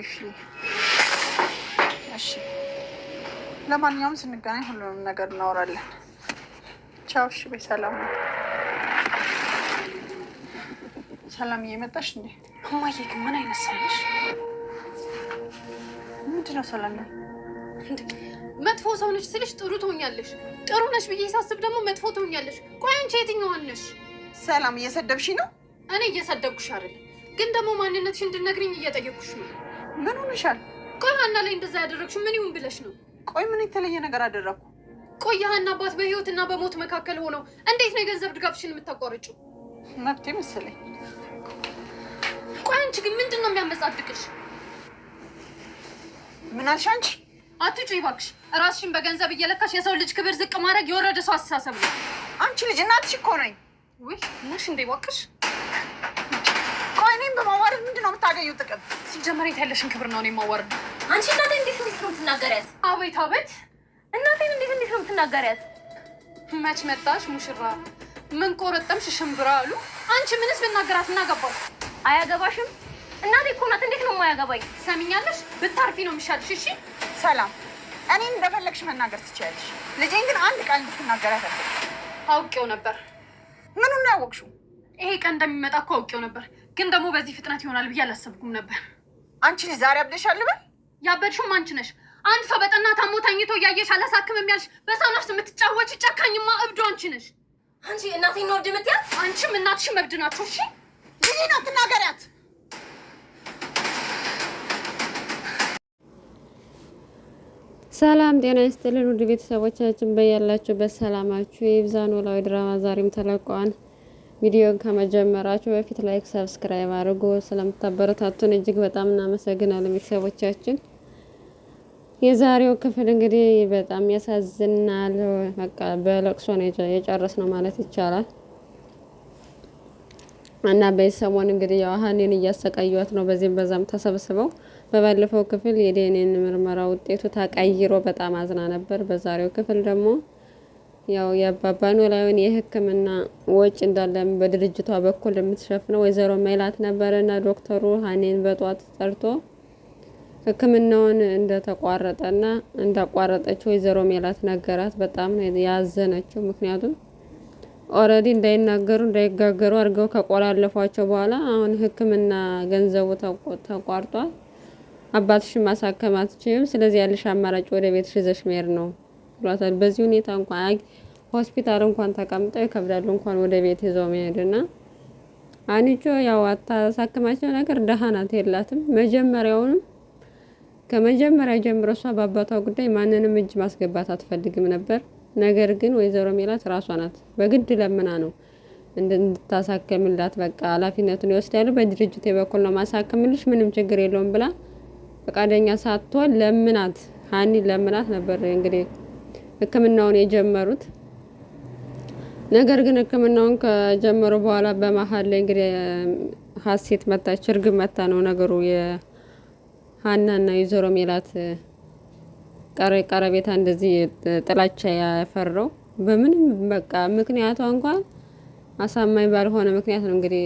ይሽ እሺ፣ ለማንኛውም ስንገናኝ ሁሉንም ነገር እናወራለን። ቻው። እሺ፣ በሰላም ሰላም። እየመጣሽ እንዴ? እማዬ ግን ምን አይነት ሰው ነሽ? ምንድን ነው ሰላም? መጥፎ ሰው ስልሽ ጥሩ ትሆኛለሽ፣ ጥሩ ነሽ ብዬ ሳስብ ደግሞ መጥፎ ትሆኛለሽ። ቆይ አንቺ የትኛዋን ነሽ? ሰላም፣ እየሰደብሽ ነው? እኔ እየሰደብኩሽ አይደለም፣ ግን ደግሞ ማንነትሽ እንድነግርኝ እየጠየኩሽ ነው። ምን ሆነሻል? ቆይ ሀና ላይ እንደዛ ያደረግሽ ምን ይሁን ብለሽ ነው? ቆይ ምን የተለየ ነገር አደረግኩ? ቆይ የሀና አባት በህይወትና በሞት መካከል ሆነው እንዴት ነው የገንዘብ ድጋፍሽን የምታቋርጭው? መብቴ መሰለኝ። ቆይ አንቺ ግን ምንድን ነው የሚያመጻድቅሽ? ምን አልሽ አንቺ? አትጩ ይባክሽ። ራስሽን በገንዘብ እየለካሽ የሰው ልጅ ክብር ዝቅ ማድረግ የወረደ ሰው አስተሳሰብ ነው። አንቺ ልጅ እናትሽ እኮ ነኝ። ውይ ሙሽ እንዴ ምንድን ነው የምታገኘው ጥቅም? ሲጀመር የት ያለሽን ክብር ነው የማዋርድ? አንቺ እናቴ እንዴት እንዴት ነው የምትናገሪያት? አቤት አቤት! እናቴን እንዴት እንዴት ነው የምትናገሪያት? መች መጣሽ ሙሽራ፣ ምን ቆረጠምሽ ሽምብራ አሉ። አንቺ ምንስ ብናገራት እናገባሽ? አያገባሽም። እናቴ እኮ ናት። እንዴት ነው የማያገባኝ? ሰሚኛለሽ? ብታርፊ ነው የሚሻልሽ። እሺ ሰላም፣ እኔ እንደፈለግሽ መናገር ትችያለሽ። ልጄን ግን አንድ ቃል እንድትናገሪያት አውቄው ነበር። ምኑን ነው ያወቅሽው? ይሄ ቀን እንደሚመጣ እኮ አውቄው ነበር። ግን ደግሞ በዚህ ፍጥነት ይሆናል ብዬ አላሰብኩም ነበር። አንቺ ልጅ ዛሬ አብደሻል በል። ያበድሽውም አንቺ ነሽ። አንድ ሰው በጠና ታሞ ተኝቶ እያየሽ አላሳክም የሚያልሽ በሰው ነፍስ የምትጫወች ጨካኝማ እብዶ አንቺ ነሽ። አንቺ እናቴን ነው እብድ የምትያት? አንቺም እናትሽም እብድ ናቸው። እሺ ግዜ ነው ትናገሪያት። ሰላም ጤና ይስጥልን ውድ ቤተሰቦቻችን፣ በያላችሁበት ሰላማችሁ የብዛን ኖላዊ ድራማ ዛሬም ተለቋል። ቪዲዮን ከመጀመራችሁ በፊት ላይክ፣ ሰብስክራይብ አድርጎ ስለምታበረታቱን እጅግ በጣም እናመሰግናለን ቤተሰቦቻችን። የዛሬው ክፍል እንግዲህ በጣም ያሳዝናል። በቃ በለቅሶ ነው የጨረስ ነው ማለት ይቻላል። እና በሰሞን እንግዲህ ያው ሀኒን እያሰቃዩት ነው በዚህም በዛም ተሰብስበው። በባለፈው ክፍል የዲኤንኤ ምርመራ ውጤቱ ተቀይሮ በጣም አዝና ነበር። በዛሬው ክፍል ደግሞ ያው የአባባ ኖላዊን የሕክምና ወጪ እንዳለም በድርጅቷ በኩል የምትሸፍነው ወይዘሮ ሜላት ነበረና ዶክተሩ ሀኔን በጧት ጠርቶ ሕክምናውን እንደተቋረጠና እንዳቋረጠች ወይዘሮ ሜላት ነገራት። በጣም ያዘነችው። ምክንያቱም ኦልሬዲ እንዳይናገሩ እንዳይጋገሩ አድርገው ከቆላለፏቸው በኋላ አሁን ሕክምና ገንዘቡ ተቋርጧል። አባትሽን ማሳከም አትችይም። ስለዚህ ያለሽ አማራጭ ወደ ቤትሽ ይዘሽ መሄድ ነው ብሏታል። በዚህ ሁኔታ እንኳን ሆስፒታል እንኳን ተቀምጠው ይከብዳሉ እንኳን ወደ ቤት ይዘው መሄድና አንቺ ያው አታሳክማቸው ነገር ደሃ ናት የላትም። መጀመሪያውንም ከመጀመሪያ ጀምሮ እሷ በአባቷ ጉዳይ ማንንም እጅ ማስገባት አትፈልግም ነበር። ነገር ግን ወይዘሮ ሜላት ራሷ ናት በግድ ለምና ነው እንድታሳከምላት በቃ ኃላፊነቱን ይወስዳሉ። በድርጅት የበኩል ነው ማሳከምልሽ፣ ምንም ችግር የለውም ብላ ፈቃደኛ ሳትሆን ለምናት ሀኒ ለምናት ነበር እንግዲህ ህክምናውን የጀመሩት። ነገር ግን ህክምናውን ከጀመሩ በኋላ በመሀል ላይ እንግዲህ ሀሴት መታች፣ እርግብ መታ ነው ነገሩ ና የዞሮ ሜላት ቀረቤታ እንደዚህ ጥላቻ ያፈረው በምንም በቃ ምክንያቷ እንኳን አሳማኝ ባልሆነ ምክንያት ነው። እንግዲህ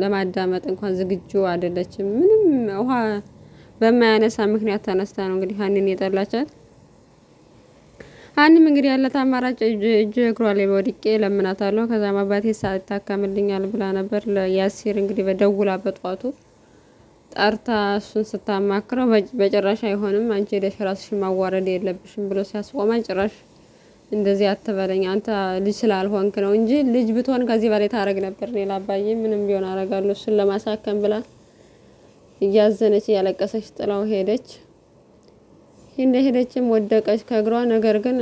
ለማዳመጥ እንኳን ዝግጁ አይደለችም። ምንም ውሃ በማያነሳ ምክንያት ተነስታ ነው እንግዲህ ሀኒን የጠላቻት። አንድም እንግዲህ ያለት አማራጭ እጅ እግሯ ላይ ወድቄ ለምናታለሁ። ከዛም አባቴ ሳይታከምልኛል ብላ ነበር ለያሲር እንግዲህ በደውላ በጧቱ ጠርታ እሱን ስታማክረው በጭራሽ አይሆንም፣ አንቺ ሄደሽ ራስሽን ማዋረድ የለብሽም ብሎ ሲያስቆማ ጭራሽ እንደዚህ አትበለኝ አንተ ልጅ ስላልሆንክ ነው እንጂ ልጅ ብትሆን ከዚህ በላይ ታረግ ነበር። ሌላ አባዬ ምንም ቢሆን አረጋለሁ እሱን ለማሳከም ብላ እያዘነች እያለቀሰች ጥላው ሄደች። እንደሄደችም ወደቀች ከእግሯ። ነገር ግን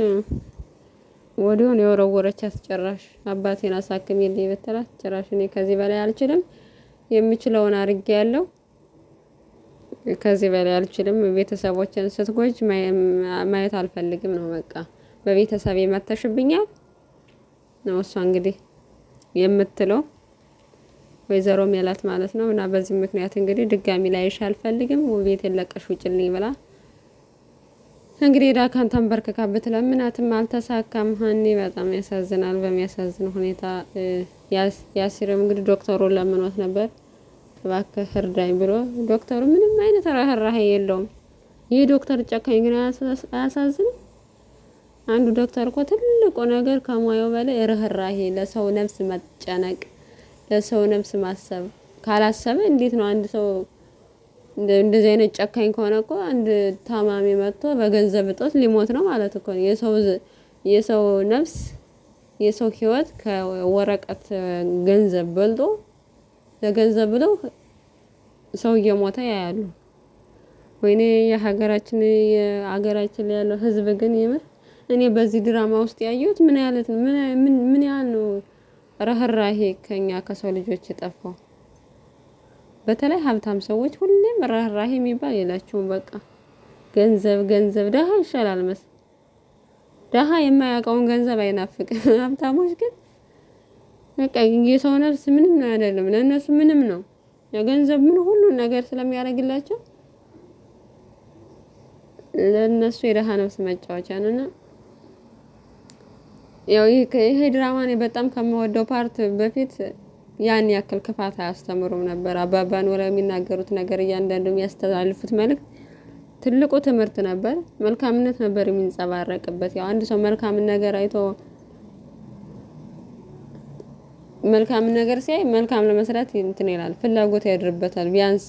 ወዲሁን የወረወረች አስጨራሽ አባቴን አሳክሚልኝ ብትላት ጭራሽ እኔ ከዚህ በላይ አልችልም፣ የምችለውን አድርጌ ያለው ከዚህ በላይ አልችልም፣ ቤተሰቦችን ስትጎጅ ማየት አልፈልግም ነው በቃ በቤተሰብ የመተሽብኛል ነው እሷ እንግዲህ የምትለው ወይዘሮ ሜላት ማለት ነው። እና በዚህ ምክንያት እንግዲህ ድጋሚ ላይሽ አልፈልግም፣ ቤቴን የለቀሽ ውጭልኝ ብላ እንግዲህ ዳካን ተንበርክካ ብትለምናትም አልተሳካም። ሀኒ በጣም ያሳዝናል። በሚያሳዝን ሁኔታ ያሲርም እንግዲህ ዶክተሩ ለምኖት ነበር እባክህ እርዳኝ ብሎ ዶክተሩ ምንም አይነት ርህራሄ የለውም። ይህ ዶክተር ጨካኝ ግን አያሳዝንም? አንዱ ዶክተር እኮ ትልቁ ነገር ከሙያው በላይ ርህራሄ፣ ለሰው ነፍስ መጨነቅ፣ ለሰው ነፍስ ማሰብ። ካላሰበ እንዴት ነው አንድ ሰው እንደዚህ አይነት ጨካኝ ከሆነ እኮ አንድ ታማሚ መጥቶ በገንዘብ እጦት ሊሞት ነው ማለት እኮ ነው። የሰው ነፍስ የሰው ህይወት ከወረቀት ገንዘብ በልጦ ለገንዘብ ብለው ሰው እየሞተ ያያሉ። ወይኔ የሀገራችን የሀገራችን ያለው ህዝብ ግን የምር እኔ በዚህ ድራማ ውስጥ ያየሁት ምን ያህል ነው ምን ያህል ነው ከኛ ከሰው ልጆች የጠፋው። በተለይ ሀብታም ሰዎች ሁሌም ርህራሄ የሚባል የላቸውም። በቃ ገንዘብ ገንዘብ ደሀ ይሻላል መስ ደሀ የማያውቀውን ገንዘብ አይናፍቅም። ሀብታሞች ግን በቃ የሰው ነፍስ ምንም ነው አይደለም፣ ለእነሱ ምንም ነው የገንዘብ ምን ሁሉን ነገር ስለሚያደርግላቸው ለእነሱ የደሀ ነፍስ መጫወቻ ነውና ያው ይሄ ድራማ እኔ በጣም ከምወደው ፓርት በፊት ያን ያክል ክፋት አያስተምሩም ነበር። አባባ ኖረ የሚናገሩት ነገር እያንዳንዱ የሚያስተላልፉት መልእክት ትልቁ ትምህርት ነበር። መልካምነት ነበር የሚንጸባረቅበት። ያው አንድ ሰው መልካምን ነገር አይቶ መልካምን ነገር ሲያይ መልካም ለመስራት እንትን ይላል፣ ፍላጎት ያድርበታል ቢያንስ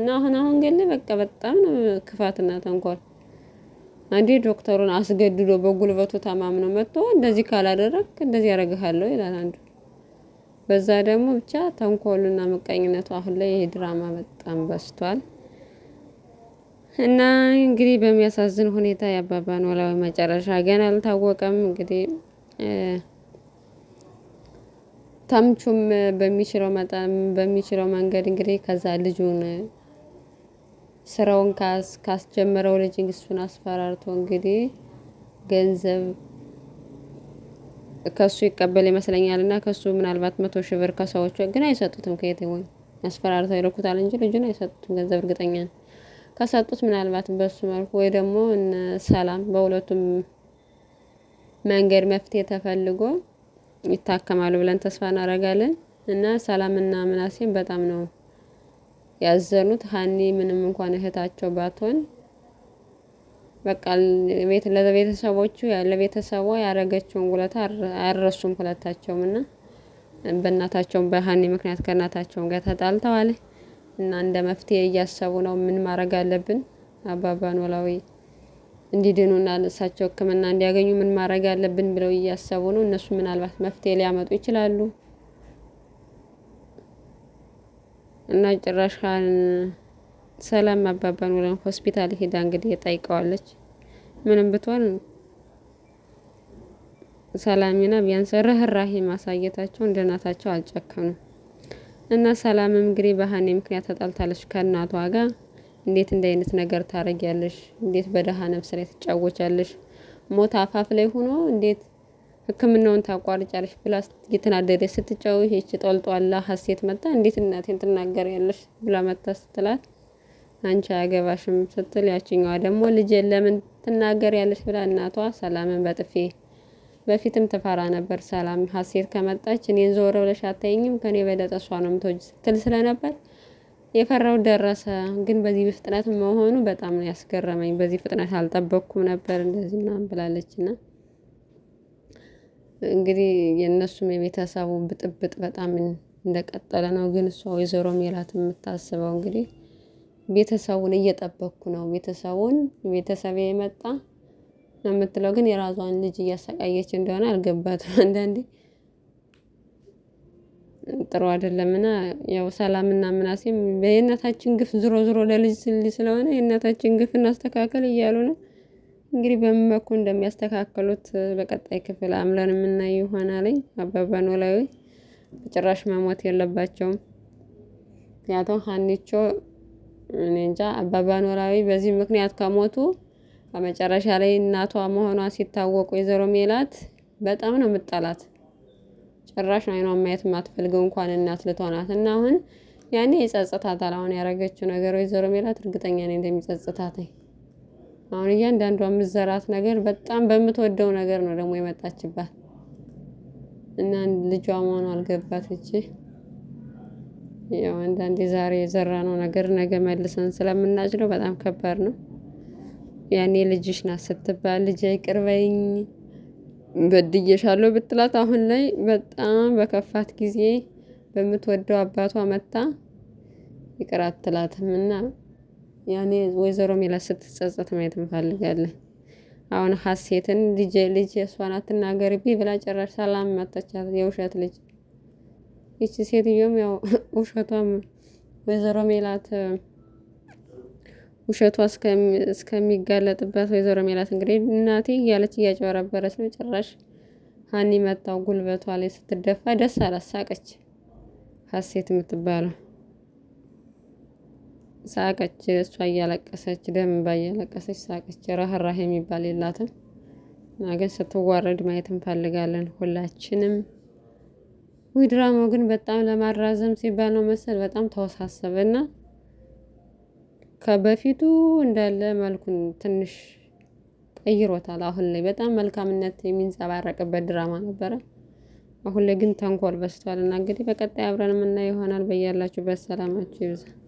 እና አሁን አሁን ግን በቃ በጣም ክፋትና ተንኮል። አንዴ ዶክተሩን አስገድዶ በጉልበቱ ተማምኖ መጥቶ እንደዚህ ካላደረግ እንደዚህ ያደርግሃለሁ ይላል አንዱ። በዛ ደግሞ ብቻ ተንኮሉና ምቀኝነቱ አሁን ላይ ይሄ ድራማ በጣም በስቷል። እና እንግዲህ በሚያሳዝን ሁኔታ የአባባ ኖላዊ መጨረሻ ገና አልታወቀም። እንግዲህ ተምቹም በሚችለው መጠን በሚችለው መንገድ እንግዲህ ከዛ ልጁን ስራውን ካስጀመረው ልጅ እሱን አስፈራርቶ እንግዲህ ገንዘብ ከሱ ይቀበል ይመስለኛል እና ከሱ ምናልባት መቶ ሺህ ብር ከሰዎቹ ግን አይሰጡትም። ከየት ወይ አስፈራርተው ይልኩታል እንጂ ልጁን አይሰጡትም። ገንዘብ እርግጠኛ ነው። ከሰጡት ምናልባት በሱ መልኩ ወይ ደግሞ ሰላም በሁለቱም መንገድ መፍትሄ ተፈልጎ ይታከማሉ ብለን ተስፋ እናደርጋለን እና ሰላምና ምናሴም በጣም ነው ያዘኑት። ሀኒ ምንም እንኳን እህታቸው ባትሆን በቃ ቤት ለቤተሰቦቹ ለቤተሰቧ ያደረገችውን ውለታ አያረሱም ሁለታቸውም እና በእናታቸውም በሀኒ ምክንያት ከእናታቸውም ጋር ተጣልተዋል እና እንደ መፍትሄ እያሰቡ ነው። ምን ማድረግ አለብን አባባን ኖላዊ እንዲድኑና እሳቸው ህክምና እንዲያገኙ ምን ማድረግ አለብን ብለው እያሰቡ ነው። እነሱ ምናልባት መፍትሄ ሊያመጡ ይችላሉ እና ጭራሽ ሰላም አባባን ወደ ሆስፒታል ሄዳ እንግዲህ ጠይቀዋለች። ምንም ብትሆን ሰላምና ቢያንስ ርህራሄ ማሳየታቸው እንደ እናታቸው አልጨከኑም። እና ሰላምም እንግዲህ በሀኔ ምክንያት ተጣልታለች ከእናቷ ጋር። እንዴት እንደ አይነት ነገር ታረጊያለሽ? እንዴት በደሃ ነፍስ ላይ ትጫወቻለሽ? ሞት አፋፍ ላይ ሆኖ እንዴት ሕክምናውን ታቋርጫለሽ? ብላ እየተናደደች ስትጫወች ይች ጠልጧላ ሀሴት መጣ እንዴት እናቴን ትናገሪያለሽ? ብላ መታ ስትላት አንቺ አያገባሽም ስትል ያችኛዋ ደግሞ ልጄን ለምን ትናገር ያለች ብላ እናቷ ሰላምን በጥፊ በፊትም ትፈራ ነበር። ሰላም ሀሴት ከመጣች እኔን ዞር ብለሽ አታይኝም ከኔ የበለጠ እሷ ነው የምትወጂ ስትል ስለነበር የፈራው ደረሰ። ግን በዚህ ፍጥነት መሆኑ በጣም ነው ያስገረመኝ። በዚህ ፍጥነት አልጠበቅኩም ነበር እንደዚህ ምናምን ብላለች ና እንግዲህ የእነሱም የቤተሰቡ ብጥብጥ በጣም እንደቀጠለ ነው። ግን እሷ ወይዘሮ ሜላት የምታስበው እንግዲህ ቤተሰቡን እየጠበኩ ነው። ቤተሰቡን ቤተሰብ የመጣ ነው የምትለው ግን የራሷን ልጅ እያሰቃየች እንደሆነ አልገባትም። አንዳንዴ ጥሩ አይደለምና ያው ሰላም ሰላምና ምናሴም የእናታችን ግፍ ዝሮ ዝሮ ለልጅ ስል ስለሆነ የእናታችን ግፍ እናስተካከል እያሉ ነው። እንግዲህ በምን በኩ እንደሚያስተካከሉት በቀጣይ ክፍል አምለን የምናየው ይሆናለኝ። አበበ ኖላዊ በጭራሽ መሞት የለባቸውም። ምክንያቱም ሀኒቾ እኔ እንጃ አባባ ኖላዊ በዚህ ምክንያት ከሞቱ በመጨረሻ ላይ እናቷ መሆኗ ሲታወቅ ወይዘሮ ሜላት በጣም ነው የምጠላት። ጭራሽ አይኗን ማየት የማትፈልገው እንኳን እናት ልትሆናት እና አሁን ያኔ ይጸጽታታል። አሁን ያደረገችው ነገር ወይዘሮ ሜላት እርግጠኛ ነኝ እንደሚጸጽታት ነኝ። አሁን እያንዳንዷ የምዘራት ነገር በጣም በምትወደው ነገር ነው ደግሞ የመጣችባት እና ልጇ መሆኗ አልገባት እቺ ያው አንዳንዴ ዛሬ የዘራነው ነገር ነገ መልሰን ስለምናጭደው በጣም ከባድ ነው። ያኔ ልጅሽ ናት ስትባል ልጅ ይቅር በይኝ ብትላት፣ አሁን ላይ በጣም በከፋት ጊዜ በምትወደው አባቷ መታ ይቅር አትላትም እና ያኔ ወይዘሮ ሜላ ስትጸጸት ማየት እንፈልጋለን። አሁን ሀሴትን ልጅ ልጅ እሷ ናት ብላ ጭራሽ ሰላም መታቻት የውሸት ልጅ ይቺ ሴትዮም ያው ውሸቷም ወይዘሮ ሜላት ውሸቷ እስከሚጋለጥበት ወይዘሮ ሜላት እንግዲህ እናቴ እያለች እያጨበረበረች ነው። ጭራሽ ሀኒ መታው ጉልበቷ ላይ ስትደፋ ደስ አላት፣ ሳቀች። ሀሴት የምትባለው ሳቀች። እሷ እያለቀሰች ደም እያለቀሰች ሳቀች። ረህራህ የሚባል የላትም ግን ስትዋረድ ማየት እንፈልጋለን ሁላችንም። ውይ ድራማው ግን በጣም ለማራዘም ሲባል ነው መሰል በጣም ተወሳሰበ እና ከበፊቱ እንዳለ መልኩን ትንሽ ቀይሮታል። አሁን ላይ በጣም መልካምነት የሚንጸባረቅበት ድራማ ነበረ። አሁን ላይ ግን ተንኮል በስቷል እና እንግዲህ በቀጣይ አብረን የምናየው ይሆናል። በያላችሁበት ሰላማችሁ ይብዛል።